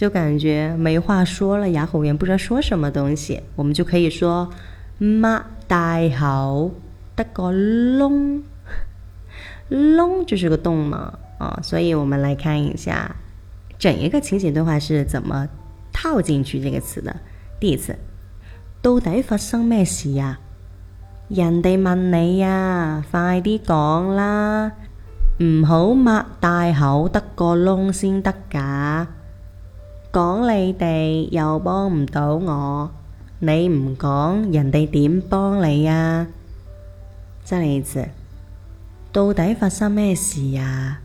就感覺沒話說了，啞口無言，不知道說什麼東西。我們就可以說，擘大口得個窿，窿就是個洞嘛。啊、哦，所以我們來看一下，整一個情景對話是怎麼套進去這個詞的。第一次，到底發生咩事呀、啊？人哋問你呀，快啲講啦，唔好擘大口得個窿先得噶。講你哋又幫唔到我，你唔講人哋點幫你啊？真係字，到底發生咩事啊？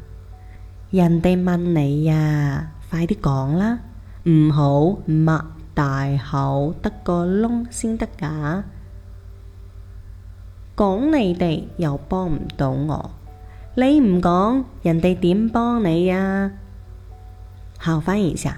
人哋問你呀、啊，快啲講啦！唔好擘大口，得個窿先得噶。講你哋又幫唔到我，你唔講人哋點幫你啊？好，翻譯一下。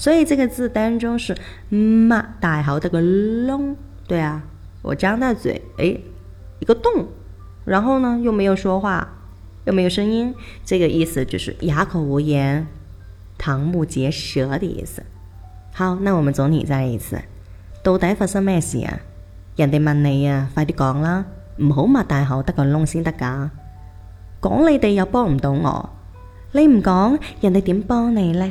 所以這個字當中是“擘大口得個窿”，對啊，我張大嘴，誒、哎、一個洞，然後呢又沒有說話，又沒有聲音，這個意思就是啞口無言、瞠目結舌的意思。好，那我們總再一次，到底發生咩事啊？人哋問你啊，快啲講啦，唔好擘大口得個窿先得噶。講你哋又幫唔到我，你唔講，人哋點幫你呢？